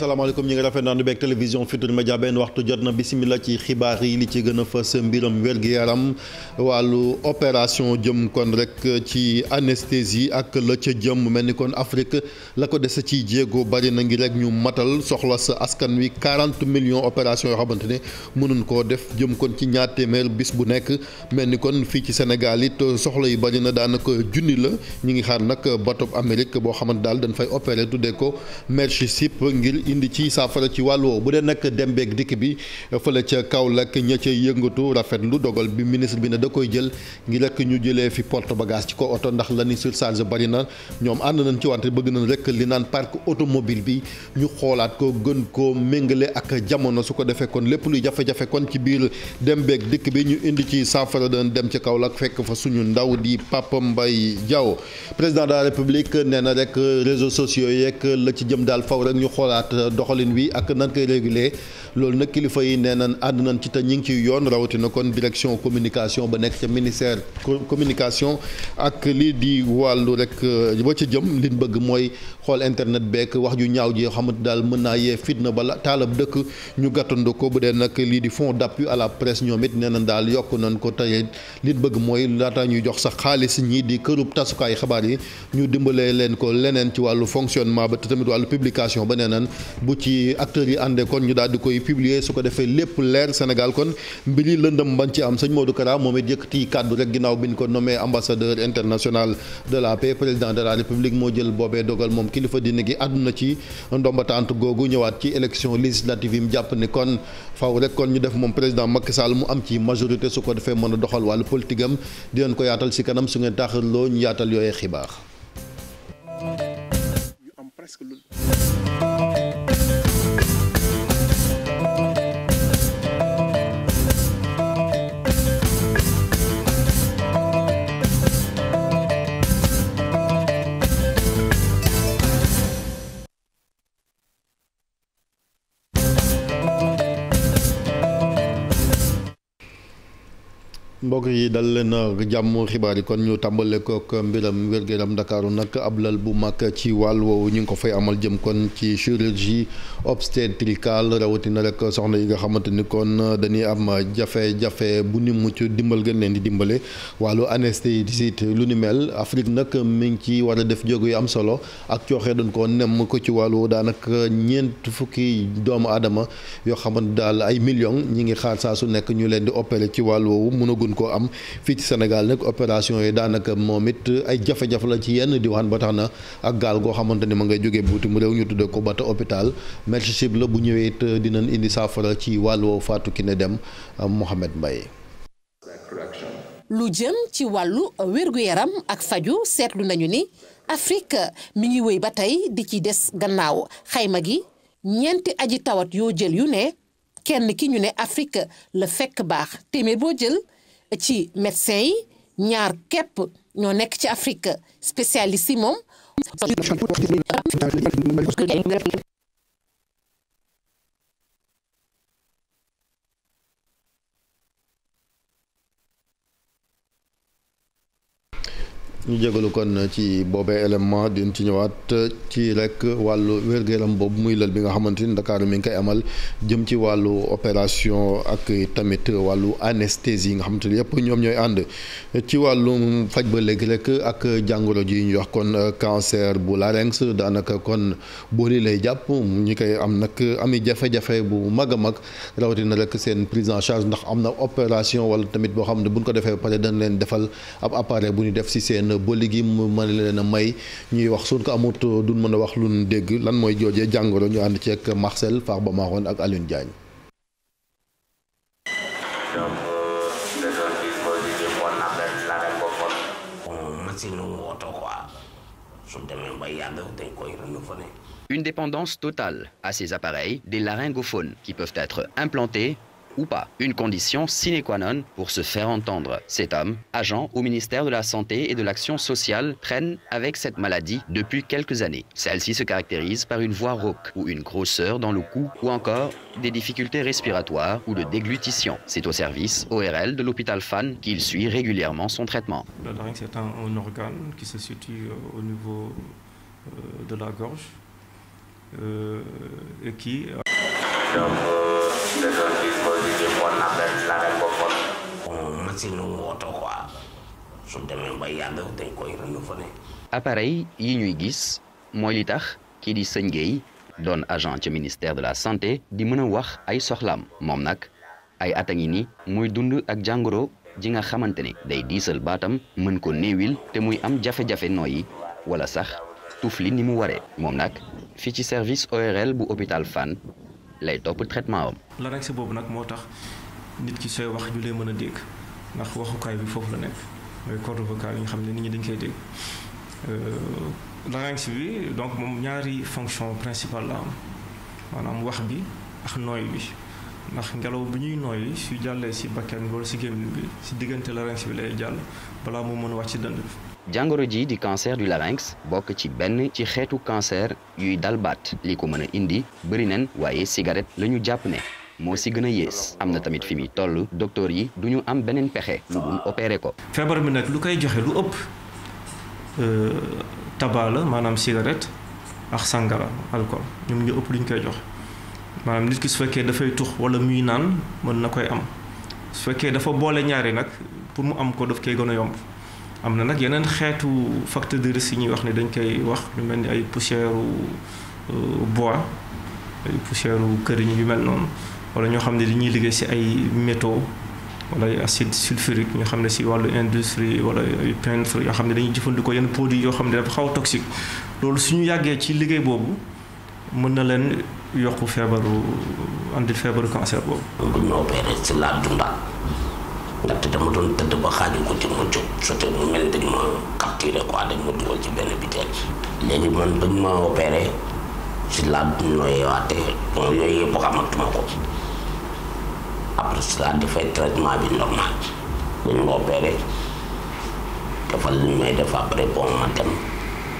asalaamaaleykum ñi ngi rafet naa nu beeg télévision Futurs Médias benn waxtu jot na bisimila ci xibaar yi li ci gën a fës mbiram wér-gu-yaram wàllu opération jëm kon rek ci anesthésie ak la ca jëm mel ni kon Afrique la ko dese ci jéego bari na ngi rek ñu matal soxla sa askan wi 40 millions opération yoo xamante ne mënuñ koo def jëm kon ci ñaar téeméer bis bu nekk mel ni kon fii ci Sénégal it soxla yi bari na daanaka junni la ñu ngi xaar nag bateau Amérique boo xamante daal dañ fay opéré tuddee ko Mercy Ship indi ci saafara ci wàll woowu bu dee nag dem beeg dikk bi fële ca Kaolack ña ca yëngatu rafetlu dogal bi ministre bi ne da koy jël ngir rek ñu jëlee fi porte bagage ci ko oto ndax la ni surcharge bari na ñoom ànd nañ ci wante bëgg nañ rek li naan parc automobile bi ñu xoolaat ko gën koo méngale ak jamono su ko defee kon lépp luy jafe-jafe kon ci biir dem beeg dikk bi ñu indi ci saafara dana dem ca Kaolack fekk fa suñu ndaw di Papa Mbaye Diaw président de la république nee na rek réseaux sociaux doxalin wi ak nan koy réguler loolu nag kilifa yi nee nañ ànd nañ ci te ñu ngi ciy yoon rawatina kon direction communication ba nekk ca ministère communication ak lii di wàllu rek ba euh, ca jëm liñ bëgg mooy xool internet beek wax ju ñaaw ji xamante daal mën naa yee fitna bala taalab dëkk ñu gàttandu ko bu dee nag lii di fonds d'appui à la presse ñoom it nee na daal yokk nañ ko tey li bëgg mooy laata ñuy jox sax xaalis ñii di kërub tasukaay xabaar yi ñu dimbalee leen ko leneen ci wàllu fonctionnement ba te tamit wàllu publication ba nee nan bu ci acteurs yi àndee kon ñu daal koy publier su ko defee lépp leer Sénégal kon mbiri lëndëm bañ ci am sëñ de la paix président de la république moo jël boobee kilifa diine gi àdduna ci ndombatant googu ñëwaat ci élection législative yi mu jàpp ni kon faw rek kon ñu def moom président Macky Sall mu am ci majorité su ko defee mën a doxal wàllu politique am di leen ko yaatal si kanam su ngeen taaxirloo ñu yaatal yooyee xibaar. mbokk yi dal leen jàmm xibaar yi kon ñu tàmbale kook mbiram wér-gu-yaram Ndakaaru nag ab lal bu mag ci wàll woowu ñu ngi ko fay amal jëm kon ci chirurgie obstétricale rawatina rek soxna yi nga xamante ni kon dañuy am jafe-jafe bu ni mucc dimbal gën leen di dimbale wàllu anesthésiste lu ni mel Afrique nag mi ngi ci war a def jéego yi am solo ak cooxee doon ko nem ko ci wàllu daanaka ñeent fukki doomu aadama yoo xamante daal ay millions ñi ngi xaar am fii ci senegal nag opération yi daanaka moom it ay jafe-jafe la ci yenn diwaan ba tax na ak gaal goo xamante ni ma ngay jógee buuti mu réew ñu tuddee ko bata hôpital Merchisible la bu ñëwee it dinañ indi saafara ci wàll faatu ki Kiné dem Mohamed Mbaye lu jëm ci wàllu wér yaram ak faju seetlu nañu ni Afrique mi ngi wéy ba tey di ci des gannaaw xayma gi ñeenti aji tawat yoo jël yu ne kenn ki ñu ne Afrique la fekk baax téeméer boo jël ci médecin yi ñaar képp ñoo nekk ci Afrique spécialiste yi moom ñu jégalu kon ci boobee élément din ci ñëwaat ci rek wàllu wér boobu muy lël bi nga xamante ni Dakar mi ngi koy amal jëm ci wàllu opération ak tamit wàllu anesthésie yi nga xamante ni yëpp ñoom ñooy ànd ci wàllu faj ba léegi rek ak jàngoro ji ñu wax kon cancer bu larynx daanaka kon booli lay jàpp ñi koy am nag ami jafe-jafe bu mag a mag rawatina rek seen prise en charge ndax am na opération wala tamit boo xam ne buñ ko defee pare dañ leen defal ab appareil bu ñu def si seen ba léegi mu mën leen a may ñuy wax suñ ko amut duñ mën a wax lu ñu dégg lan mooy joojee jàngoro ñu ànd ceeg Marcel Farba Maroon ak Alioune Diagne. Une dépendance totale à ces appareils des laryngophones qui peuvent être implantés ou pas. Une condition sine qua non pour se faire entendre. Cet homme, agent au ministère de la Santé et de l'Action sociale, traîne avec cette maladie depuis quelques années. Celle-ci se caractérise par une voix rauque ou une grosseur dans le cou ou encore des difficultés respiratoires ou de déglutition. C'est au service ORL de l'hôpital Fan qu'il suit régulièrement son traitement. woon hmm, yi ñuy gis mooy li tax kii di sëñ géey doon agent ci ministère de la santé di mën a wax ay soxlaam moom nag ay at ni muy dund ak jàngoro ji nga xamante ne day diisal baatam mën ko néewil te muy am jafe-jafe nooyi wala sax tuuf li ni mu waree moom nag fii ci service ORL bu hôpital Fann lay topp traitement am. larynx boobu nag moo tax nit ki sooy wax ñu lay mën a dégg ndax waxukaay bi foofu la nekk mooy corde vocale yi nga xam ne nit ñi dañ koy dégg euh, larynx bi donc moom ñaari fonction principale la am maanaam wax bi ak nooy bi ndax ngelaw bi ñuy nooy su jàllee si bakkan bi si ci gémmiñ bi ci diggante larynx bi lay jàll balaa moo mën wàcc dënd bi jàngoro ji di cancer du larynx bokk ci benn ci xeetu cancer yuy dal baat li ko mën a indi bëri nen waaye cigarette la ñu jàpp ne moo si gën a yées am na tamit fi muy toll docteur yi du ñu am beneen pexe lu dul opéré ko. feebar bi nag lu koy joxe lu ëpp euh, tabac la maanaam cigarette ak sangara alcool ñoom ñu ëpp lu ñu koy joxe maanaam nit ki su fekkee dafay tux wala muy naan mën na koy am su fekkee dafa boole ñaari nag pour mu am ko daf koy gën a yomb. am na nag yeneen xeetu facteur de risque yi ñuy wax ne dañ koy wax lu mel ni ay poussière euh, bois ay poussière këriñ yu mel noonu wala ñoo xam ne dañuy liggéey si ay métaux wala ay acide sulfurique ñoo xam ne si wàllu industrie wala ay peintre yoo xam ne dañuy jëfandikoo yenn produit yoo xam ne dafa xaw a toxique loolu suñu yàggee ci liggéey boobu mën na leen yokk feebaru andil feebaru cancer boobu. du ñu opéré ci la ndaxte dama doon tëdd ba xaaju guddi mu jóg sote mu mel dañ ma capturé quoi dañ ma dugal ci benn biteel léegi man bañ ma opéré si laa noyewaate bon yooyu yëpp xamatuma ko après si laa defee traitement bi normal bañ ma opéré defal li may def après bon ma dem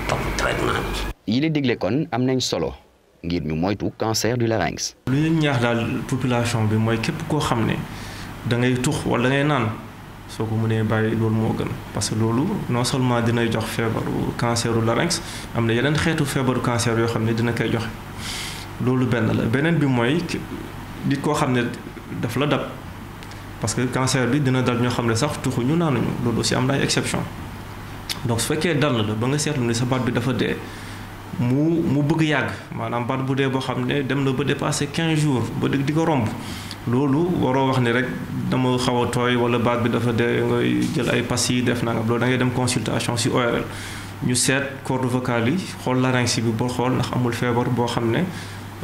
topp traitement bi yi la digle kon am nañ solo ngir ñu moytu cancer du larynx lu ñu ñaax daal population bi mooy képp koo xam ne da ngay tux wala da ngay naan soo ko nee bàyyi loolu moo gën parce que loolu non seulement dina jox feebaru canceru larynx am na yeneen xeetu feebaru cancer yoo xam ne dina koy joxe loolu benn la beneen bi mooy nit koo xam ne daf la dab parce que cancer bi dina dal ñoo xam ne sax tuxuñu naanuñu loolu aussi am na ay exception donc su fekkee dal la ba nga seetlu ne sa baat bi dafa dee mu mu bëgg yàgg maanaam baat bu dee boo xam ne dem na ba dépassé 15 jours ba di ko romb loolu waroo wax ni rek dama xaw a tooy wala baat bi dafa dee ngay jël ay pass yi def nangam loolu da dem consultation si ORL ñu seet corde vocale yi xool larynx bi boo xool ndax amul feebar boo xam ne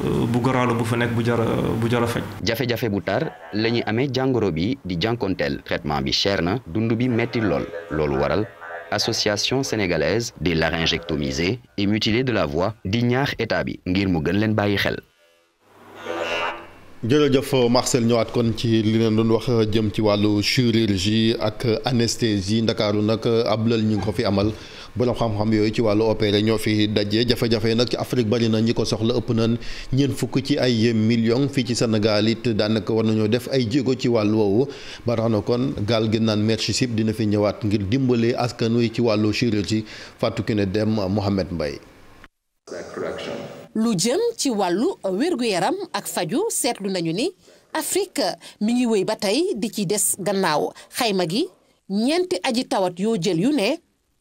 euh, bu garaalu bu fa nekk bu jar bu jar a faj. jafe-jafe bu tar la ñuy amee jàngoro bi di jànkonteel traitement bi cher na dund bi metti lool loolu waral. association sénégalaise des laryngectomisés et mutilés de la voix di ñaax état bi ngir mu gën leen bàyyi xel jërëjëf Marcel ñëwaat kon ci li leen doon wax jëm ci wàllu chirurgie ak anesthésie ndakaaru nag ab lël ñu ko fi amal borom xam-xam yooyu ci wàllu opéré ñoo fi dajee jafe-jafe nag ci Afrique bari na ñi ko soxla ëpp nañ ñeent fukk ci ay millions fii ci Sénégal it daanaka war nañoo def ay jéego ci wàllu woowu ba na kon gaal gi naan sip dina fi ñëwaat ngir dimbale askan wi ci wàllu chirurgie Fatou ne Deme Mohamed mbay lu jëm ci wàllu euh, wér-gu-yaram ak faju seetlu nañu ni Afrique euh, mi ngi wéy ba tey di ci des gannaaw xayma gi ñeenti aji tawat yoo jël yu ne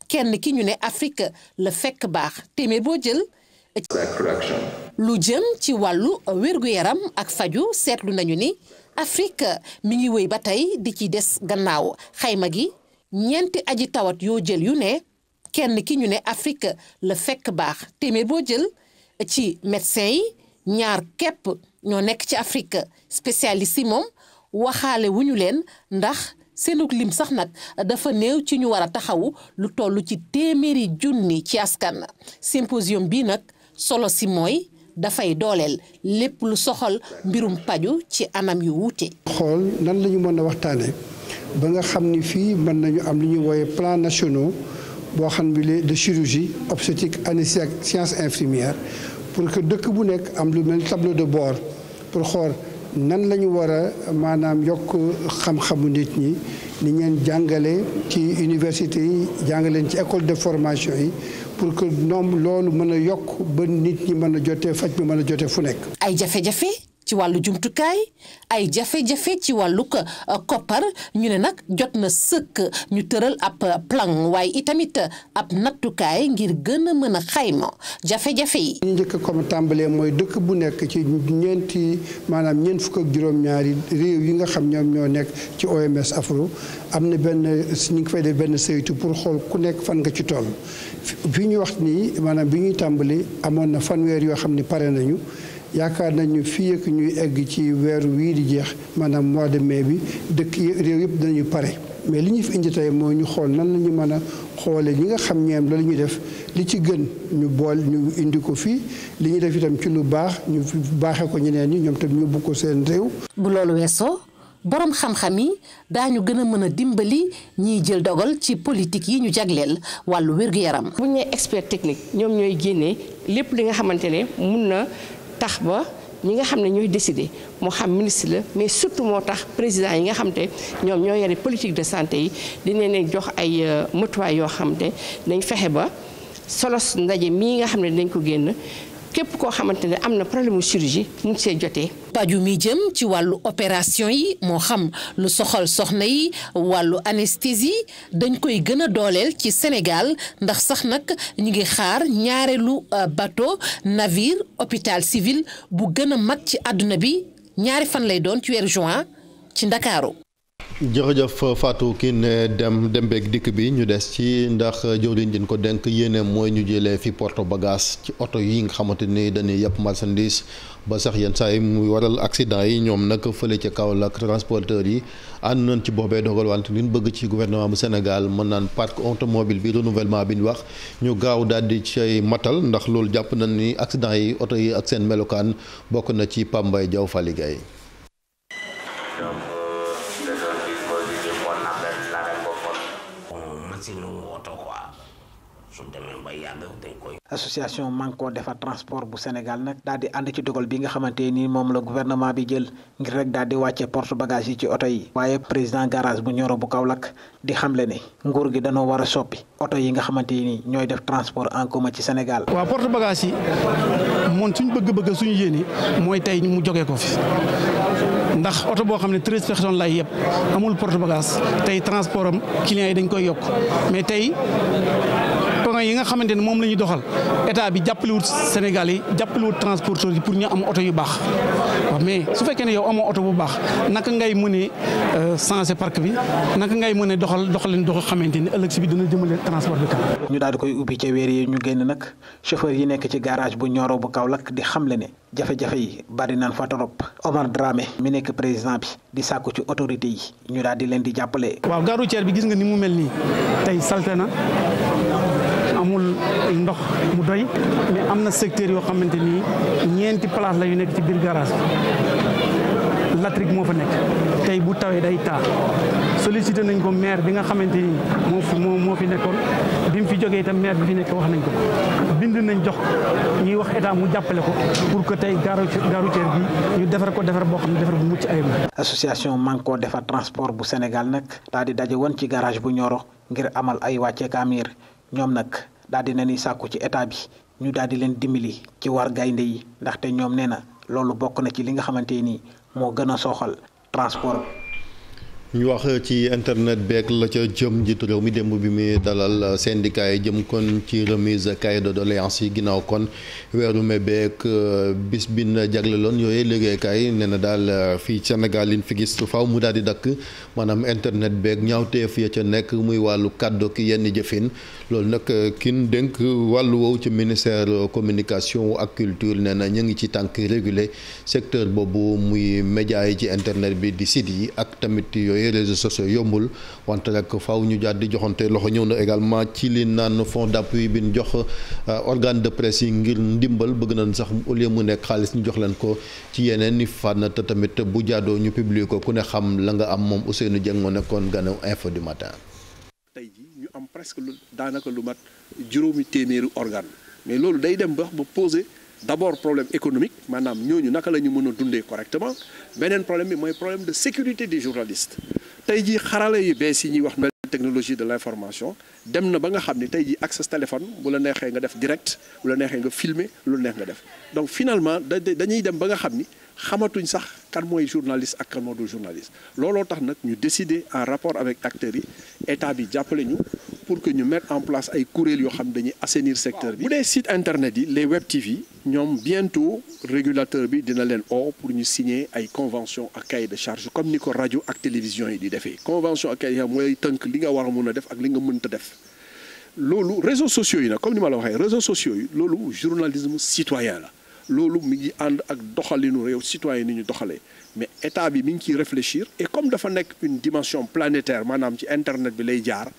kenn ki ñu ne Afrique la fekk baax téeméer boo jël lu jëm ci wàllu wér yaram ak faju seetlu nañu ni Afrique mi ngi wéy ba tey di ci des gannaaw xayma gi ñeenti aji tawat yoo jël yu ne kenn ki ñu ne Afrique la fekk baax téeméer boo jël ci médecin yi ñaar kepp ñoo nekk ci Afrique spécialiste yi moom waxaale wu ñu leen ndax seenug lim sax nag dafa néew ci ñu war a taxawu lu toll ci téeméeri junni ci askan symposium bii nag solo si mooy dafay dooleel lépp lu soxal mbirum paju ci anam yu wuute. xool nan lañu mën a waxtaanee ba nga xam ni fii mën nañu am lu ñuy wooye plan national boo xam ne de chirurgie obstétrique anesthésie ak science infirmière pour que dëkk bu nekk am lu mel tableau de bord pour xoor nan la ñu war a maanaam yokk xam-xamu nit ñi ni ngeen jàngale ci université yi jàngaleen ci école de formation yi pour que noom loolu mën a yokk ba nit ñi mën a jotee faj bi mën a jotee fu nekk. ay jafe ci wàllu jumtukaay ay jafe-jafe ci wàllug euh, koppar ñu ne nag jot na sëkk ñu tëral ab plan waaye itamit ab nattukaay ngir gën a mën a xayma jafe-jafe yi. ñu njëkk comme tàmbalee mooy dëkk bu nekk ci ñeenti maanaam ñeent fukk ak juróom-ñaari réew yi nga xam ñoom ñoo nekk ci OMS Afro am na benn ñu ngi fay def benn saytu pour xool ku nekk fan nga ci toll fi ñu wax nii maanaam bi ñuy tàmbali amoon na fanweer yoo xam ni pare nañu. yaakaar nañu fii ak ñuy egg ci weeru wii di jeex maanaam mois de mai bi dëkk réew yëpp dinañu pare mais li ñu fi indi tey mooy ñu xool nan la ñu mën a xoole ñi nga xam ñeem la def li ci gën ñu bool ñu indi ko fii li ñuy def itam ci lu baax ñu baaxee ko ñeneen ñi ñoom tam ñu bugg ko seen réew. bu loolu weesoo borom xam-xam yi daañu gën a mën a dimbali ñiy jël dogal ci politique yi ñu jagleel wàllu wér-gu-yaram. bu ñu expert technique ñoom ñooy génnee lépp li nga xamante ne mun na. tax ba ñi nga xam ne ñooy décider mu xam ministre la mais surtout moo tax président yi nga xam te ñoom ñoo yore politique de santé yi dinañ leen jox ay euh, matuwaay yoo xam te dañ fexe ba solos ndaje mii nga xam ne dañ ko génn képp koo xamante ne am na problème mu chirurgie mun see jotee. paju mi jëm ci wàllu opération yi moo xam lu soxal soxna yi wàllu anesthésie dañ koy gën a dooleel ci Sénégal ndax sax nag ñu ngi xaar ñaareelu euh, bateau navire hôpital civil bu gën a mag ci àdduna bi ñaari fan lay doon ci weeru juin ci Ndakaaru jërëjëf Fatou Kiné dem dem beeg dikk bi ñu des ci ndax jëwriñ din ko denk yéene mooy ñu jëlee fi porte bagage ci oto yi nga xamante ni dañuy yëpp marchandise ba sax yenn saa yi muy waral accident yi ñoom nag fële kaw Kaolack transporteurs yi ànd nañ ci boobee dogal wante li bëgg ci gouvernement bu Sénégal mën naan parc automobile bi renouvellement bi ñu wax ñu gaaw daal di cay matal ndax loolu jàpp nañ ni accident yi oto yi ak seen melokaan bokk na ci Pambay Diaw Faligay si ñoom woto quoi su demee ba yàgg defar transport bu Sénégal nag daal di ànd ci dogal bi nga xamante nii moom la gouvernement bi jël ngir rek daal di wàcce porte bagage yi ci oto yi. waaye président garage bu ñoro bu Kaolack di xamle ne nguur gi danoo war a soppi oto yi nga xamante ni ñooy def transport en commun ci Sénégal. waaw porte bagage yi moom suñ bëgg-bëgg suñu yéene mooy tey mu jógee ko fi. ndax oto boo xam ne treize personnes lay yëpp amul porte bagage tey transport am clients yi dañ koy yokk mais tey slogan yi nga xamante ne moom la ñu doxal état bi jàppalewut oto yu baax waaw mais su fekkee ne yow amoo oto bu baax naka ngay mënee euh, changé parc bi naka ngay mënee doxal doxalin doxal xamante ni ëllëg si bi dana jëmale transport bi kanam. ñu daal di koy ubbi ca weer yi ñu génn nag chauffeur yi nekk ci garage bu Nioro bu Kaolack di xamle ne jafe-jafe yi bari naan fa torop Omar Dramé mi nekk président bi di sàkku ci autorité yi ñu daal di leen di jàppale. waaw gare routière bi gis nga ni mu mu ndox mu doy mais am na secteur yoo xamante ni ñeenti place la yu nekk ci biir garage bi latrique moo fa nekk tey bu tawee day taax sollicité nañ ko maire bi nga xamante ni moo fi moo fi nekkoon bi mu fi jógee itam maire bi fi nekk wax nañ ko bind nañ jox ñuy wax état mu jàppale ko pour que tey gare routière bi ñu defar ko defar boo xam ne defar bu mucc ayib association Manko defar transport bu Sénégal nag daal di daje woon ci garage bu ñoro ngir amal ay wàcce kaamir ñoom nag daal di ni sàkku ci état bi ñu daal di leen dimbali ci war gaynde yi ndaxte ñoom nee na loolu bokk na ci li nga xamante ni moo gën a sooxal transport ñu wax ci internet beeg la ca jëm njiitu réew mi démb bi muy dalal syndicat jëm kon ci remise cahier de doléances yi ginnaaw kon weeru mai beeg euh, bis bi jagleloon yooyu liggéeykaay yi nee na daal euh, fii Sénégal liñ fi gis faaw mu daal di dakk maanaam internet beeg ñaawteef ya ca nekk muy wàllu kàddu ki yenn jëfin loolu nag euh, kin dénk wàllu woowu ci ministère communication ak culture nee na ñu ngi ci tànk réguler secteur boobu muy média yi ci internet bi di site yi ak tamit yooyu et réseaux sociaux yombul wante nag faaw ñu jaar di joxante loxo ñëw na également ci li naan fonds d'appui bi ñu jox euh, organe de presse yi ngir ndimbal bëgg nañ sax au lieu mu nekk xaalis ñu jox leen ko ci yeneen i fànn te tamit bu jaadoo ñu publier ko ku ne xam la nga am moom Ousseynou Dieng moo nekkoon ganu info du matin. tey ji ñu am presque lu daanaka lu mat juróomi téeméeri organe mais loolu day dem ba ba poser d'abord problème économique maanaam ñooñu naka la ñu mën a dundee correctement beneen problème bi mooy problème de sécurité de journalistes tey ji xarala yi bees yi ñuy wax nouvelle technologie de l'information dem na ba nga xam ni tey jii ak téléphone bu la neexee nga def direct bu la neexee nga filmer lu neex nga def donc finalement dañuy dem ba nga xam ni xamatuñ sax kan mooy journaliste ak kan moo du journaliste looloo tax nag ñu décider en rapport avec acteurs yi état bi jàppale ñu pour que ñu mettre en place ay kuréel yoo xam dañuy assainir secteur bi. bu dee site internet yi les web TV ñoom bientôt régulateur bi dina leen o pour ñu signer ay convention a cahier de charge comme ni ko rajo ak télévision yi di defee convention ak cahier mooy tënk li nga war a mun a def ak li nga mënta def. loolu réseaux sociaux yi nag comme ni ma la waxee réseaux sociaux yi loolu journalisme citoyen la. loolu mi ngi ànd ak doxalinu réew citoyen ni ñu doxalee mais état bi mi ngi ciy réfléchir et comme dafa nekk une dimension planétaire maanaam ci internet bi lay jaar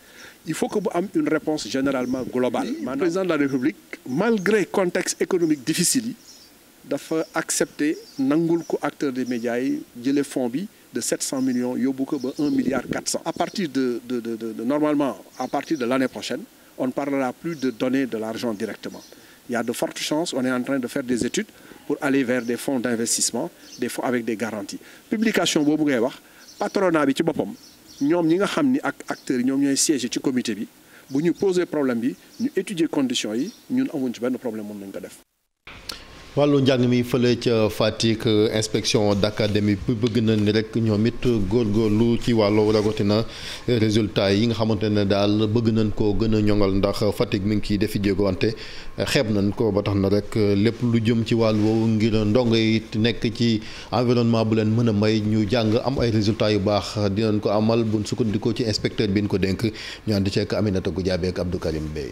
il faut que bu am une réponse généralement globale maanaam président de la république malgré contexte économique difficile yi dafa accepter nangul ko acteur de médias yi jële fonds bi de 700 millions yóbbu ko ba 1 milliard 400 à partir à partir de l'année prochaine on ne parlera plus de donner de l'argent directement il y de fortes chances, on est en train de faire des études pour aller vers des fonds d'investissement, des fonds avec des garanties. Publication boobu ngay wax patronat bi ci boppam ñoom ñi nga xam ni ak acteurs yi ñoom ñooy siéger ci comité bi bu ñu poser problème bi ñu étudier conditions yi ñun amuñ ci benn problème mën nañ ko def. wàllu njàng mi fële ca Fatick inspection d'académie bi bëgg nañ ni rek ñoom it góorgóorlu ci wàllu ragotina résultat yi nga xamante ne daal bëgg nañ koo gën a ñoŋal ndax Fatick mi ngi ciy defi jéego wante xeeb nañ ko ba tax na rek lépp lu jëm ci wàll woowu ngir ndongo yi nekk ci environnement bu leen mën a may ñu jàng am ay résultats yu baax dinañ ko amal buñ sukkandikoo ci inspecteur bi ñu ko dénk ñu ànd ceeg Aminata Goudiaby ak Abdou Karim Bey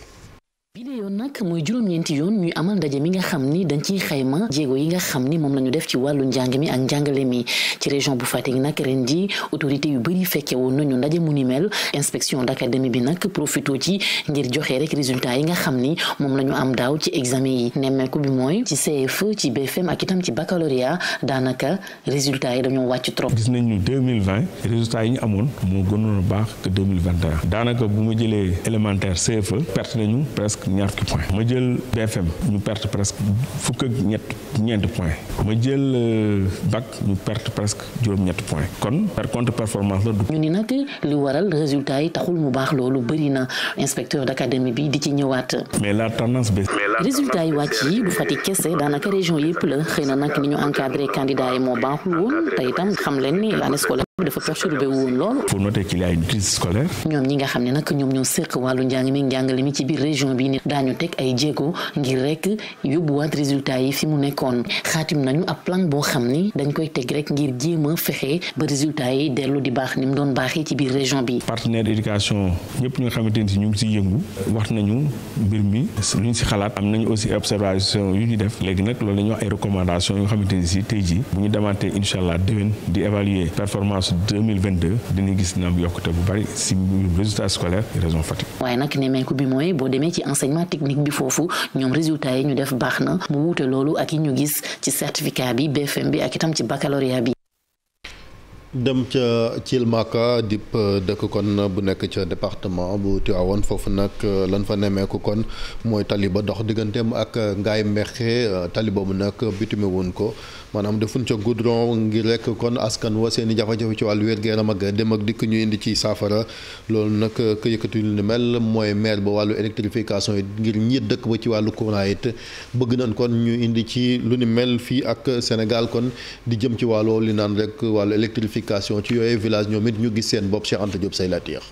kon nag mooy juróom-ñeenti yoon ñuy amal ndaje mi nga xam ni dañ ciy xayma jéego yi nga xam ni moom la ñu def ci wàllu njàng mi ak njàngale mi ci région bu Fatick nag ren ji autorité yu bëri fekke woon nañu ndaje mu ni mel inspection d'académie bi nag profito ci ngir joxe rek résultat yi nga xam ni moom la ñu am daaw ci examen yi nemmeeku bi mooy ci CFE ci BFM ak itam ci baccalauréat daanaka résultat yi dañoo wàcc trop. gis nañu 2020 résultat yi ñu amoon moo gënoon a baax que 2021 daanaka bu ma jëlee élémentaire CFE perte nañu presque ñaar ñetti point ma jël BFM ñu perte presque fukk ak ñett ñeenti point ma jël euh, bac ñu perte presque juróom-ñetti point kon par contre performance la du ñu ni nag li waral résultat yi taxul mu baax loolu bëri na inspecteur d'académie bi di ci ñëwaat mais la tendance baisse résultat yi wàcc yi du Fatick kese daanaka région yëpp la xëy na nag ni ñu encadré candidat yi moo baaxul woon te itam xam leen ni l'année scolaire dafa perturbé woon lool. il faut noter qu'il y a une scolaire. ñoom ñi nga xam ne nag ñoom ñoo séq wàllu njàng mi njàngale mi ci biir région bi ni daañu teg ay jéego ngir rek yóbbuwaat résultat yi fi mu nekkoon xaatim nañu ab plan boo xam ni dañ koy teg rek ngir jéem a fexe ba résultat yi dellu di baax ni mu doon baaxee ci biir région bi. partenaire éducation ñëpp ñu nga xamante ni ñu ngi siy yëngu wax nañu mbir mi lu ñu si xalaat am nañu aussi observation yu ñu def léegi nag loolu la wax ay recommandations yoo xamante ni si tey jii bu incha allah déwén di classe 2022 dañuy gis na am yokkute bu bari si résultat scolaire région Fatick. waaye nag nemmeeku bi mooy boo demee ci enseignement technique bi foofu ñoom résultat yi ñu def baax na mu wuute loolu ak yi ñu gis ci certificat bi BFM bi ak itam ci baccalauréat bi. dem ca Thilmaka dip dëkk kon bu nekk ca département bu Tivaouane foofu nag euh, lan fa nemmeeku kon mooy taliba dox digganteem ak Ngaye Mekhe euh, tali boobu nag bitumé woon ko. maanaam defuñ ca goudron ngir rek kon askan wa seen i jafe-jafe ci wàllu wér-gu-yaram ak dem ak dikk ñu indi ci saafara loolu nag ku yëkkati lu ni mel mooy maire ba wàllu électrification yi ngir ñiit dëkk ba ci wàllu courant it bëgg nañ kon ñu indi ci lu ni mel fii ak Sénégal kon di jëm ci wàllu li naan rek wàllu électrification ci yooyu village ñoom it ñu gis seen bopp Cheikh Anta Diop say latiir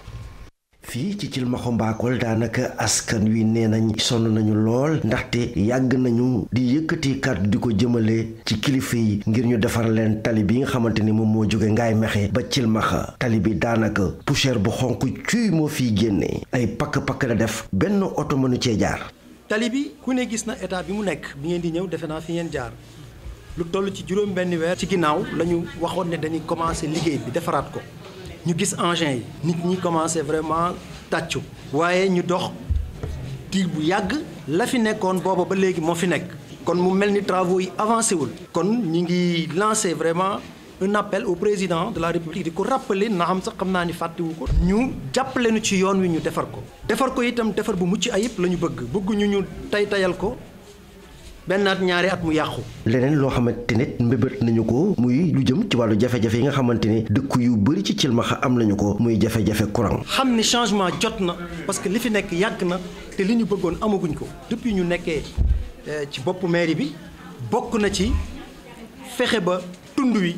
fii ci Cilmaxo Mbaakol daanaka askan wi nee nañ sonn nañu lool ndaxte yàgg nañu di yëkkati kàddu di ko jëmale ci kilifa yi ngir ñu defar leen tali bi nga xamante ni moom moo jóge ngaay mexe ba Cilmaxa tali bi daanaka poussière bu xonq cuy moo fiy génne ay pakk-pakk la def benn oto mënu cee jaar tali bi ku ne gis na état bi mu nekk bi ngeen di ñëw defe naa fi ngeen jaar lu toll ci juróom benn weer ci ginnaaw lañu ñu waxoon ne dañuy commencé liggéey defaraat ko ñu gis engins yi nit ñi commencé vraiment tàccu waaye ñu dox diir bu yàgg la fi nekkoon booba ba léegi moo fi nekk kon mu mel ni travaux yi avancé wul kon ñi ngi lancer vraiment un appel au président de la république di ko rappeler na am sax xam naa ni fàttewu ko ñu jàppaleenu ci yoon wi ñu defar ko defar ko itam defar bu mucc ayib la ñu bëgg bëgguñu ñu tey teyal ko benn at ñaari at mu yàqu. leneen loo xamante ne mbébét nañu ko muy lu jëm ci wàllu jafe-jafe yi nga xamante ne dëkk yu bëri ci Cilmaxa am nañu ko muy jafe-jafe courant. xam ni changement jot na parce que li fi nekk yàgg na te li ñu bëggoon amaguñ ko depuis ñu nekkee euh, ci boppu mairie bi bokk na ci fexe ba tund wi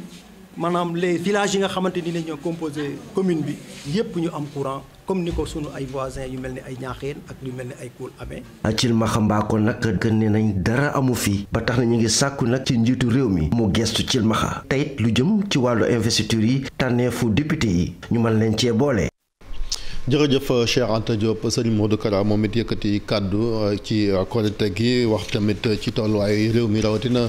maanaam les villages yi nga xamante ni la ñoo composé commune bi yépp ñu am courant. comme ni ko sunu ay voisins yu mel ni ay ñaaxeen ak yu mel ni ay kuul amee. Acil ah, Maxambaako nag gën ne nañ dara amu fi ba tax na ñu ngi sàkku nag ci njiitu réew mi mu gestu Cilmaxa tey lu jëm ci wàllu investiture yi tànneefu député yi ñu mën leen cee boole. jërëjëf euh, Cheikh Anta Diop sëñ Modou Kara moom it yëkkati kàddu euh, ci euh, Korite gi wax tamit ci tolluwaayu réew mi rawatina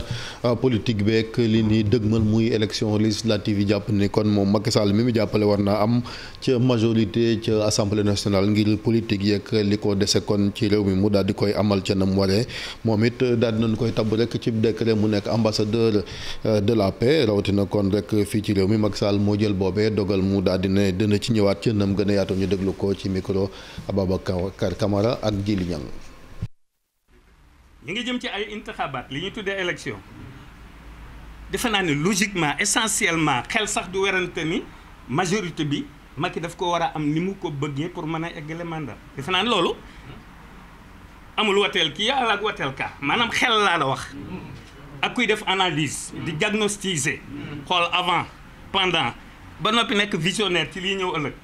politique beeg li ni dëgmal muy élection législative yi jàpp ni kon moom Macky Sall mi mu jàppale war naa am ca majorité ca assemblée nationale ngir politique yeeg li ko dese kon ci réew mi mu daal di koy amal ca nam waree moom it daal di nañ koy tabb rek ci décret mu nekk ambassadeur de la paix rawatina kon rek fii ci réew mi Macky Sall moo jël boobee dogal mu daal di ne ci ñëwaat ca nam gën a yaatu ñu dëgg déglu ko ci micro Ababacar Camara ak Djily Niang ñu ngi jëm ci ay intixabaat li ñuy tuddee élection defe naa ne logiquement essentiellement xel sax du werante ni majorité bi Macky daf ko war a am ni mu ko bëggee pour mën a eggale mandat defe naa ne loolu amul wateel kii yàlla ak wateel ka maanaam xel laa la wax ak kuy def analyse di diagnostiser xool avant pendant ba noppi nekk visionnaire ci liy ñëw ëllëg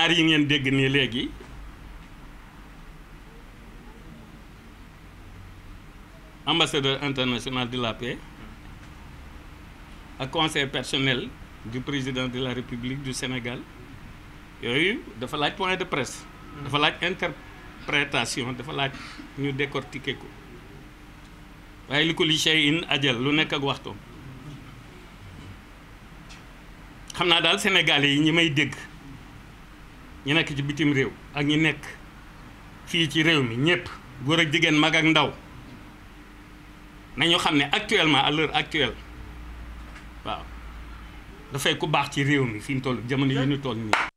ñaar yi ngeen dégg nii léegi ambassadeur international de la paix ak conseil personnel du président de la république du Sénégal yooyu dafa laaj point de presse. dafa laaj interprétation dafa laaj ñu décortiquer ko waaye li ko li in ajal lu nekk ak waxtoom xam naa daal sénégal yi ñi may dégg. ñu nekk ci bitim réew ak ñu nekk fii ci réew mi ñëpp góor a jigéen mag ak ndaw na nañu xam ne actuellement à l'heure actuelle waaw dafay ku baax ci réew mi fi mu toll jamono yi ñu toll nii.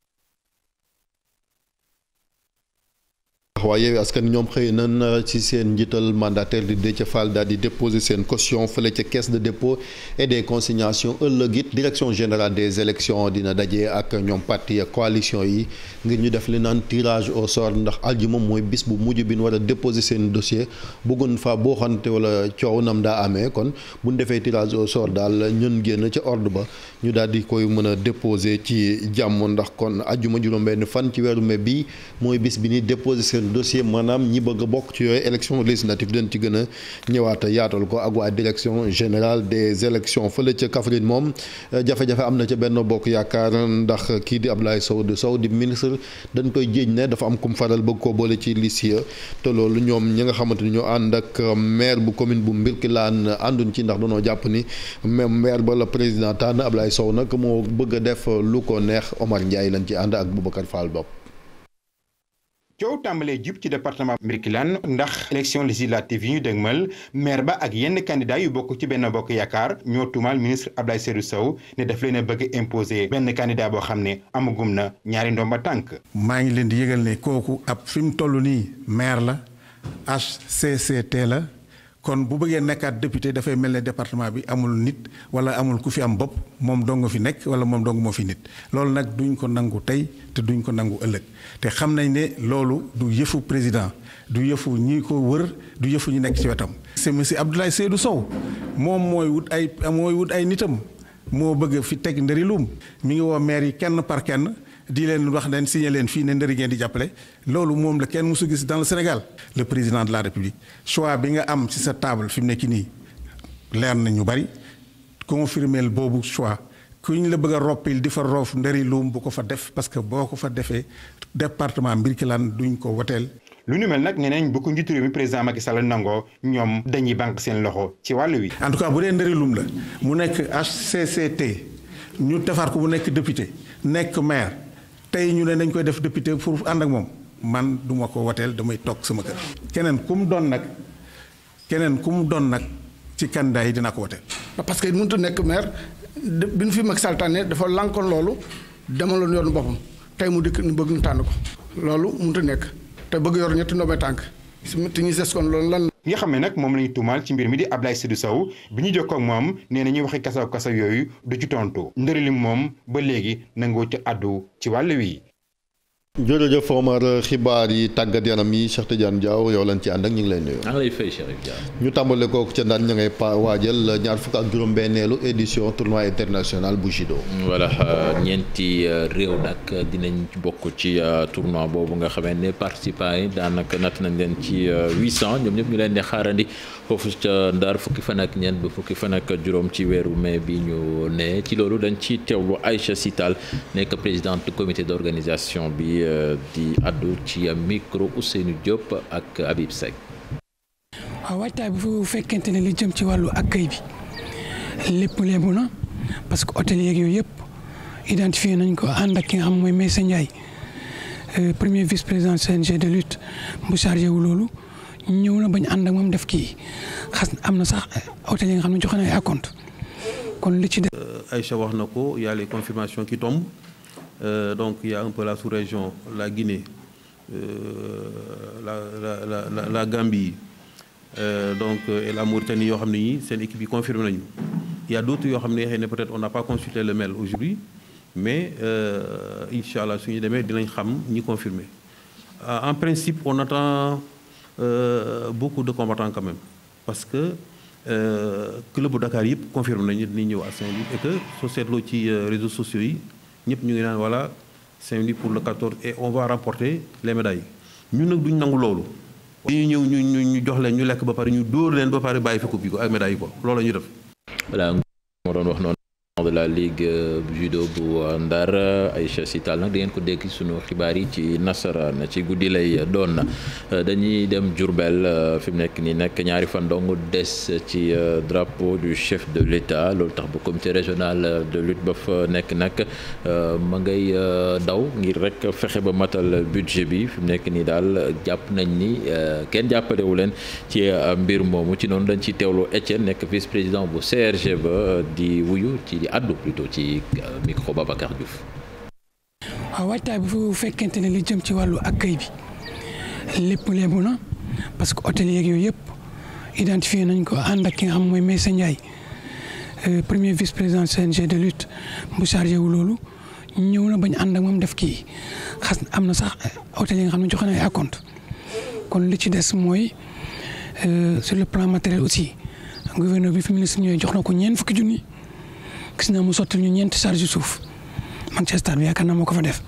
waa Yewwi Askan ñoom xëy nan ci seen njiital mandataire di Déthié Fall daal di déposer seen caution fële ca caisse de dépôt et des consignations ëllëg it direction générale des élections dina daje ak ñoom parti coalition yi ngir ñu def li naan tirage au sort ndax aljuma mooy bis bu mujj bi ñu war déposer seen dossier bëggoon faa boo xante wala coow nam daa amee kon bu nu defee tirage au sort daal ñun génn ca ordre ba ñu daal di koy mën a déposer ci jàmm ndax kon aljuma juróom-benn fan ci weeru mai bi mooy bis bi ñuy déposer seen dossier maanaam ñi bëgg a bokk ci yooyu élection législative dañ ci gëna a ñëwaata yaatal ko ak waa direction générale des élections fële ca Kaffrine moom euh, jafe-jafe am na ca benn bokk yaakaar ndax kii di Abdoulaye Sow di Sow di ministre dañ koy jéej ne dafa am kum faral bëgg koo boole ci liste ya te loolu ñoom ñi nga xamante ni ñoo ànd ak euh, maire bu commune bu laan ànduñ ci ndax dañoo jàpp ni même maire ba la président tànn Abdoulaye Sow nag moo bëgg a def lu ko neex Omar Ndiaye lañ ci ànd ak Boubacar Fall bopp coow tàmbalee jub ci département Birkelane ndax élection législative yi ñu dégmal maire ba ak yenn candidat yu bokk ci benn bokk yaakaar ñoo tuumaal ministre Abdoulaye Seydou Sow ne daf leen a bëgg imposer benn candidat boo xam ne amagum na ñaari ndomba tànk. maa ngi leen di yëgal ne kooku ab fi mu toll nii maire la HCCT la. kon bu bëggee nekkaat député dafay mel ne département bi amul nit wala amul ku fi am bopp moom dong fi nekk wala moom dong moo fi nit loolu nag duñ ko nangu tey te duñ ko nangu ëllëg te xam nañ ne loolu du yëfu président du yëfu ñi ko wër du yëfu ñu nekk ci wetam. c'est monsieur Abdoulaye Seydou Sow moom mooy wut ay mooy wut ay nitam moo bëgg fi teg ndëri luum mi ngi woo maire yi kenn par kenn. di leen wax leen signé leen fii ne ndëri ngeen di jàppale loolu moom la kenn musu gis dans le Sénégal le président de la République choix bi nga am ci sa taabal fi mu nekk nii leer na ñu bari confirmeel boobu choix ñu la bëgg a roppil di fa roof ndëri luum bu ko fa def parce que boo ko fa defee département Birkelane duñ ko woteel lu nu mel nag ñeneen nañ bu ko njiitu mi président Macky Sall nangoo ñoom dañuy banque seen loxo ci wàll wi. en tout cas bu dee ndëri la mu nekk HCCT ñu defar ko bu nekk député nekk maire. tey ñu ne dañ koy def député pour ànd ak moom man duma ko woteel damay toog sama kër. keneen ku mu doon nag keneen ku mu doon nag ci candidat yi dinaa ko woteel. parce que mënut a nekk maire bi nu fi mag saltaane dafa lànkoon loolu demaloon yoonu boppam tey mu dikk nu bëgg nu tànn ko. loolu mun a nekk te bëgg yor ñetti ndombay tànk su te ñu des kon loolu lan. ki nga xam ne nag moom lañu tuumaal ci mbir mi di Abdoulaye Seydou Sow bi ñu jokkoo ak moom nee na ñuy waxi kasaw kasaw yooyu du ci tontu ndëralim moom ba léegi nangoo ci àddu ci wàll wi jërëjëf Omar xibaar yi tàggat yaram yi Cheikh Tidiane jaw yow lañ ci ànd ak ñu ngi lay nuyu. maa ngi lay fay Chérif ñu tàmbale kooku ca daan ña ngay pa waajal ñaar fukk ak juróom-benneelu édition tournoi international bu judo. voilà ñeenti euh, réew nag dinañ bokk ci euh, tournoi boobu nga xamee ne participants yi daanaka natt nañ leen ci euh, huit cent ñoom ñëpp ñu leen di xaarandi foofu ca Ndar fukki fan ak ñeent ba fukki fan ak juróom ci weeru mai bi ñu ne ci loolu dañ ci teewlu Aïcha Sital nekk présidente comité d'organisation bi. Euh, di addu ci micro Ousseynou Diop ak Habib Seck. waaw ah, waajtaay bu fekkente ne li jëm ci wàllu ak accueil bi lépp lépp na parce que hôtel yeeg yooyu yëpp identifié nañ ko ànd ak ki nga xam mooy Meyssa Ndiaye euh, premier vice président CNG de lutte bu chargé wu loolu ñëw na bañ ànd ak moom def kii xas am na sax hôtel yi nga xam ne joxe na kon li ci def. Euh, Aïcha wax na ko y a les confirmations Euh, donc il y a la sous-région, la Guinée, euh, la la, la, la, la, Gambie, euh, donc, euh, et la Mauritanie, c'est l'équipe qui confirme. Il y a ne peut-être on n'a pas consulté le mail aujourd'hui, mais euh, Inch'Allah, si nous avons ni confirmé. Euh, en principe, on attend beaucoup de combattants quand parce que le club de Dakar confirme que nous à Saint-Louis et que sur les réseaux sociaux, ñëpp ñu ngi naan voilà Saint-Louis pour le 14 et on va remporter les médailles ñu nag duñ nangu loolu. dañuy ñëw ñu ñu ñu jox leen ñu lekk ba pare ñu dóor leen ba pare bàyyi fi ko bi ko ak médaille yi ko loolu la ñuy def. voilà moo doon wax noonu. de la ligue euh, judo bu euh, Ndar euh, Aïcha Sital nag di ngeen ko dégg suñu xibaar yi ci nasaraan ci guddi lay doon na dañuy dem Diourbel fi mu nekk nii nag ñaari fan dong des ci drapeau du chef de l'État loolu tax ba comité régional de lutte ba fa nekk nag ma ngay daw ngir rek fexe ba matal budget bi fi mu nekk nii daal jàpp nañ ni kenn jàppalewu leen ci mbir moomu ci noonu dañ ci teewlu Etienne nekk vice président bu CRG ba di wuyu ci ji àddu plutôt ci euh, micro Babacar Diouf. waaw waajtaay bu fekkente ne li jëm ci wàllu ak accueil bi lépp lépp na parce que hôtel yeeg yooyu yëpp identifier nañ ko ànd ak ki nga xam mooy Meyssa Ndiaye euh, premier vice président CNG de lutte bu chargé wu loolu ñëw na bañ ànd ak moom def kii xas am na sax hôtel yi nga xam ne joxe na ay acompte kon li ci des mooy euh, sur le plan matériel aussi gouverneur bi fi ministre ñëwee jox na ko ñeent fukki junni gis naa mu sotti ñu ñeenti charge suuf Manchester bi yaakaar naa moo ko fa def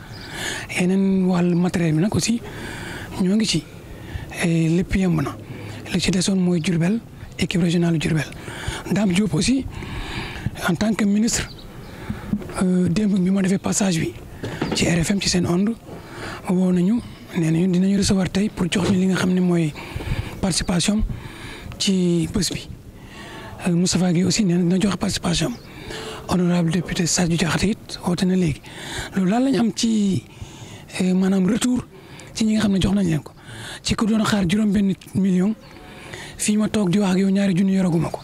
yeneen wàllu matériel bi nag aussi ñoo ngi ci lépp yemb na li ci des desoon mooy jurubeel équipe régionale Diourbel ndaa Diop aussi en tant que ministre euh, démb bi ma defee passage bi ci RFM ci seen onde woo nañu nee nañu dinañu recevoir tey pour jox ñu li nga xam ni mooy participation ci bés bi euh, Moustapha Guèye aussi nee na dina joxe participation honorable député Sadio Diakhaté it woote na léegi loolu daal lañ am ci eh, maanaam retour ci ñi nga xam ne jox nañ leen ko ci ku doon xaar juróom-benn million fii ma toog di wax ak yow ñaari junni yoraguma ko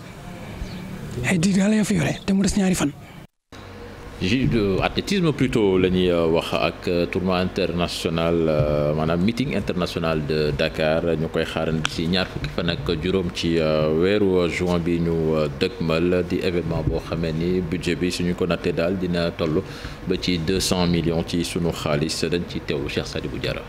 ay di daal la yoo fi yore te mu des ñaari fan. athlétisme plutôt la ñuy euh, wax ak euh, tournoi international euh, maanaam meeting international de Dakar ñu koy xaarandi ci ñaar fukki fan ak juróom ci weeru juin bi ñu dëgmal di événement boo xamee ni budget bi suñu ko nattee daal dina toll ba ci deux cent millions ci suñu xaalis dañ ci teew Cheikh bu jara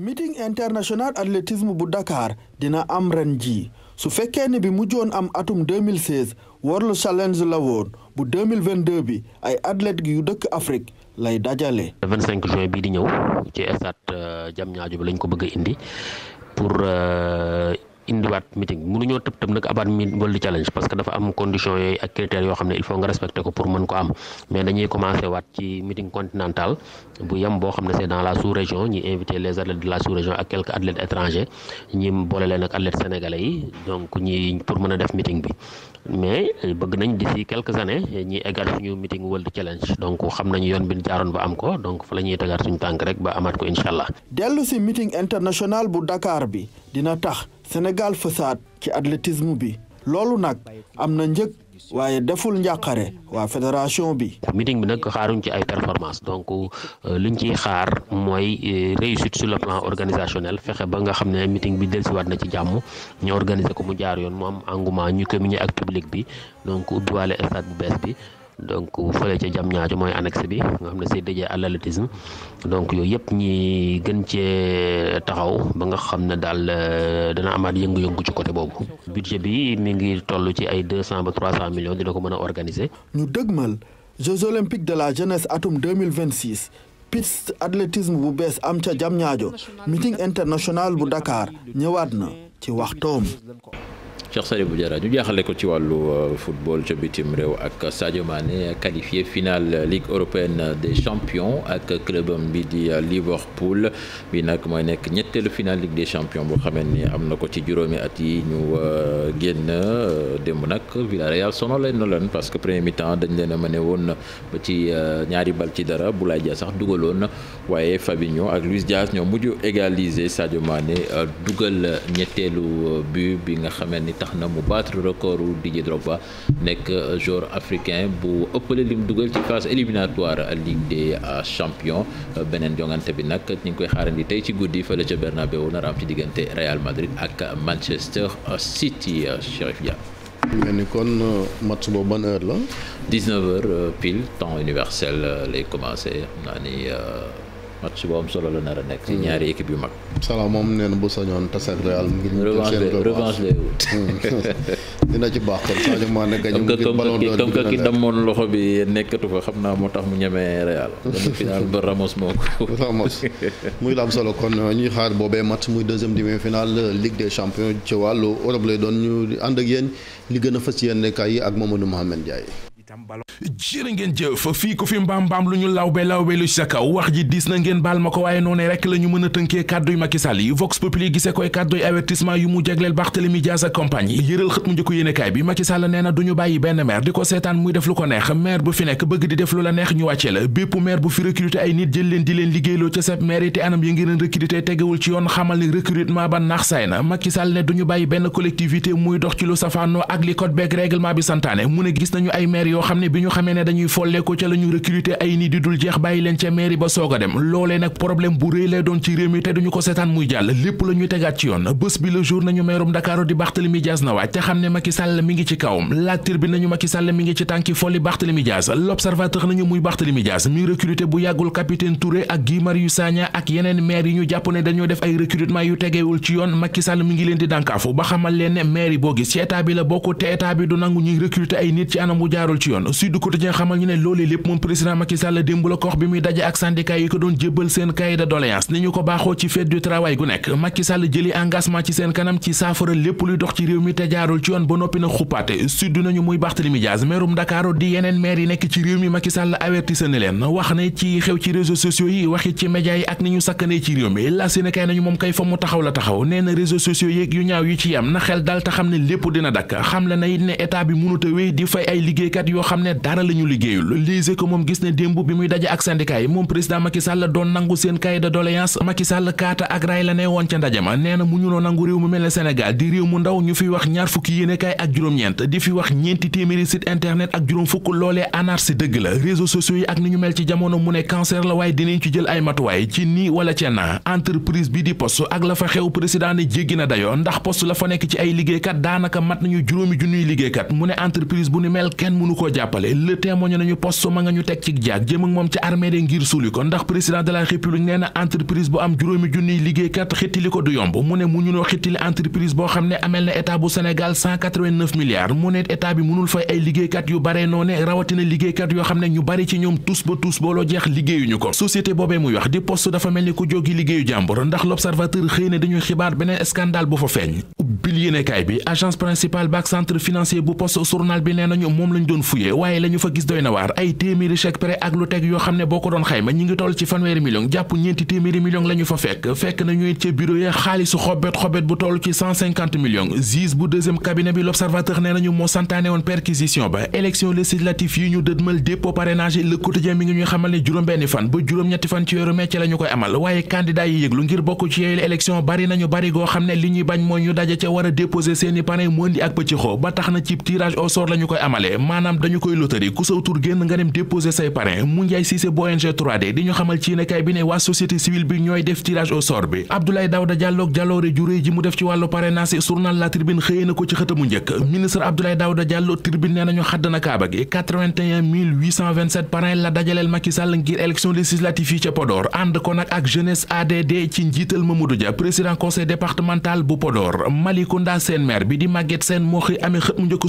meeting international athlétisme bu Dakar dina am ren ji su fekkee ne bi mujjoon am atum war World Challenge la woon. bu 2022 bi ay athlètes yu dëkk Afrique lay dajale. le 25 juin bii di ñëw ci stade euh, Diamniadio bi lañ ko bëgg indi pour euh, indiwaat meeting mënuñoo tëb tëb nag abaat que dafa am conditions yooyu ak critères yoo xam ne il faut nga respecter ko pour mën ko meeting boo xam ne c'est dans la sous-région ñi invité les athlètes de la sous-région ak quelques athlètes étrangers ñi boole leen ak athlètes sénégalais yi donc ñi pour mën a def meeting bi. mais euh, bëgg nañ d'ici quelques années euh, ñuy eggaat suñu meeting World Challenge donc xam nañu yoon bi ñu jaaroon ba am ko donc fa la ñuy tegaat suñu tànk rek ba amaat ko incha allah. dellu si meeting international bu dakaar bi dina tax Sénégal fësaat ci athlétisme bi loolu nag am na njëg. waaye deful njàqare waa fédération bi. meeting bi nag xaaruñ ci ay performance donc euh, liñ ci xaar mooy euh, réussite sur le plan organisationnel fexe ba nga xam ne meeting bi dellusiwaat na ci jàmm ñu organiser ko mu jaar yoon moom mu ñu engouement ñu communier ak public bi donc ubbiwaale stade bu bees bi. donc fële ca jam ñaajo mooy annexe bi nga xam ne c'est dédié à l'athlétisme donc yooyu yëpp ñi gën cee taxaw ba nga xam ne daal euh, dana amaat yëngu-yëngu ci côté boobu budget bi mi ngi toll ci ay deux cent ba trois cent millions dina ko mën a organiser ñu dëgmal Jeux olympiques de la jeunesse atum 2026 piste athlétisme bu bees am ca jam ñaajo meeting international bu Dakar ñëwaat na ci waxtoom Cheikh Sadibou Diarra ñu jaaxale ko ci wàllu euh, football ca bitim réew ak Sadio Mané qualifié finale Ligue européenne des champions ak clubam bi di Liverpool bi nag mooy nekk ñetteelu finale Ligue des champions boo xamee ni am na ko ci juróomi at yi ñu euh, génn euh, démb nag Villarreal sono leen na leen parce que premier mi dañu leen ma mëne woon ba ci ñaari bal ci dara Boulaye Dia sax dugaloon waaye Fabinho ak Luis Diaz ñoo mujj égaliser Sadio dugal ñetteelu but bi nga xamee ni tax na mu battre record u Didier Drogba nekk joueur africain bu ëppale lim dugal ci phase éliminatoire Ligue des champions beneen jongante bi nag ñu ngi koy xaarandi tey ci guddi fële ca Bernabeu nar am ci diggante Real Madrid ak Manchester City Chérif Dia. mel ni kon match boobu ban heure la. 19 heures pile temps universel lay commencé xam naa ni. Euh, match bu solo la nar nekk. ci mm. ñaari équipe yu mag. Salah moom nee na bu sañoon taseeg Real ngir ñu jël seen revanche mm. lay wut dina ci baax kon Sadio Mané gañu ngir ballon d'or comme que ki damoon loxo bi nekkatu fa xam naa moo tax mu ñemee Real. final ba Ramos moo ko. Ramos muy solo kon ñuy xaar boobee match muy deuxième demi-finale Ligue des champions ci wàllu Europe lay doon ñu ànd ak yéen li gën a fës yéen kay yi ak moom Mamadou Mohamed Ndiaye. jërë ngeen jëf fii ku fi mbaam mbaam lu ñu lawbe lawbe lu ci sa kaw wax ji diis na ngeen baal ma ko waaye noonee rek la mën a tënkee kàdduy Macky yi Vox koy kàdduy avertissement yu mu jagleel Barthélémy Dias ak compagnie yëral xët mu njëkk bi Macky Sall nee bàyyi benn maire di ko seetaan muy def lu ko neex maire bu fi nekk bëgg di def lu la neex ñu wàcce la bépp maire bu fi recruter ay nit jël leen di leen liggéeyloo ca ci yoon yoo xam ne bi ñu xamee ne dañuy folleeku ca la ñu recruter ay nit di dul jeex bàyyi leen ca mairie ba soog a dem loolee nag problème bu rëy lay doon ci réew mi te duñu ko seetaan muy jàll lépp la ñuy tegaat ci yoon bés bi le jour nañu meerum Dakaaru di Barthélémy Dias na waaj te xam ne Macky Sall mi ngi ci kawam La Tribune nañu Macky Sall mi ngi ci tànki folli Barthélémy Dias L'Observateur nañu muy Barthélémy Dias mi recruter bu yàggul capitaine Touré ak Guy Marius ak yeneen maire yi ñu jàpp dañoo def ay recrutement yu tegeewul ci yoon Macky Sall mi ngi leen di dànkaafu ba xamal leen ne maire yi boo gis ci état bi la bokk te état bi nit ci anam wu jaarul ci Sud Quotidien xamal ñu ne loolee lépp moom président Macky la ko wax bi muy daje ak syndicat yi ko doon jébbal seen cahier de ni ñu ko baaxoo ci fête du travail gu nekk Macky Sall jëli engagement ci seen kanam ci saafara lépp luy dox ci réew mi te jaarul ci yoon ba noppi na xuppaate sud nañu muy Barthélémy Dias meerum Dakar di yeneen maire yi nekk ci réew mi Macky Sall avertise na leen wax ne ci xew ci réseaux sociaux yi waxi ci a yoo xam ne dara la ñu liggéeyul liise ko moom gis ne démb bi muy daje ak syndicat yi moom président Macky Sall doon nangu seen cahier de doléance Macky Sall kaata ak ray la ne woon ca ndaje ma nee na mu ñu noo nangu réew mu mel ne Sénégal di réew mu ndaw ñu fi wax ñaar fukki yéenekaay ak juróom-ñeent di fi wax ñeenti téeméeri site internet ak juróom fukk loolee anarchie dëgg la réseaux sociaux yi ak ni ñu mel ci jamono mu ne cancer la waaye dinañ ci bi di poste ak la fa xew président ne jéggi na dayoo ndax poste la fa nekk ci ay liggéeykat daanaka mat nañu juróomi junniy liggéeykat mu ne ko jàppale nañu poste ma nga ñu teg ci jaag jëm moom ci armée de ngir suuli ko ndax président de la république nee na entreprise bu am juróomi junniy liggéeykat xittili ko du yomb mu ne mu ñunoo xittili entreprise boo xam ne amel na état bu Sénégal 189 mu ne état bi mënul fay ay liggéeykat yu bare noo rawatina liggéeykat yoo xam ne ñu bari ci ñoom tous ba tous booloo jeex liggéeyuñu ko société boobee muy wax di poste dafa mel ni ku jógi fuyee waaye la fa gis doy na waar ay téeméeri chèque prêt ak lu teg yoo xam ne boo doon xayma ñi ngi toll ci fanweeri million jàpp ñeenti téeméeri million la fa fekk fekk nañu it ca bureau ya xaalisu xobet xobet bu toll ci 150 bu deuxième cabinet bi l'observateur ne nañu moo santaane woon perquisition ba élection législative yi ñu dëdmal dépôt parrainage Le Quotidien mi ngi ñuy xamal ne juróom-benni fan ba juróom-ñetti fan ci yooyu élection dañu koy loterie ku saw tur génn nga dem déposer say parrain mu njaay Cissé bu ONG 3 di ñu xamal ci yéenekaay bi ne waa société civile bi ñooy def tirage au sort bi Abdoulaye Daouda Diallo ak jaloore ju réy ji mu def ci wàllu parrainage journal La Tribune xëyee na ko ci xëtamu njëkk ministre Abdoulaye Daouda Diallo Tribune nee nañu xadd na kaaba gi 81 la dajaleel Macky ngir élection législative ca Podor ànd ko nag ak jeunesse ADD ci njiital Mamadou bi di Maguette Sène moo xëy amee xët mu njëkk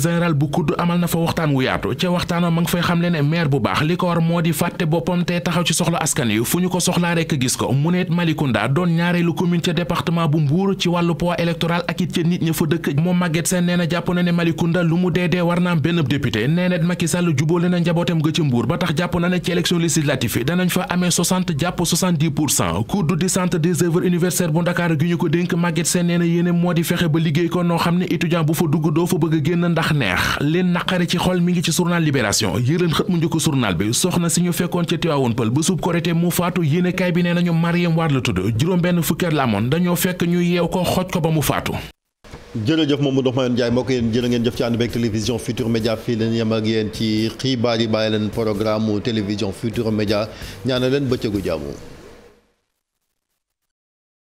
général bu kudd amal na fa waxtaan wu yaatu ca waxtaana ma ngi fay xamle ne maire bu baax li ko war moo di fàtte boppam te taxaw ci soxla askan yi fu ñu ko soxlaa rekk gis ko mu neet Malicounda doon ñaareelu commune ca département bu Mbour ci wàllu poids électoral ak it ca nit ña fa dëkk moom Maguette Sène nee na jàpp na ne Malicounda lu mu deedee war naam benn député nee net Macky Sall jubóole na njabootam ga ca Mbour ba tax jàpp na ne ci élection législative yi danañ fa amee 60 jàpp 70 pour cent kudd di centre des nee na yéene moo di fexe ba liggéey ko noo xam ne étudiant bu fa dugg doo fa bëgg génn ndax neex wax leen naqari ci xol mi ngi ci journal libération yëral xët mu njëkk journal bi soxna si ñu fekkoon ca Tiwaawoon pël ba sub korité mu faatu yéenekaay bi nee nañu Mariam Wade la tudd juróom benn fukkeer la amoon dañoo fekk ñu yeew ko xoj ko ba mu faatu jërëjëf moom Doxma Ndiaye mbokk yéen jërë ngeen jëf ci ànd beeg télévision Futur Média fii leen yem ak yéen ci xibaar yi bàyyi leen programme télévision Futur Média ñaanal leen bëccëgu jàmm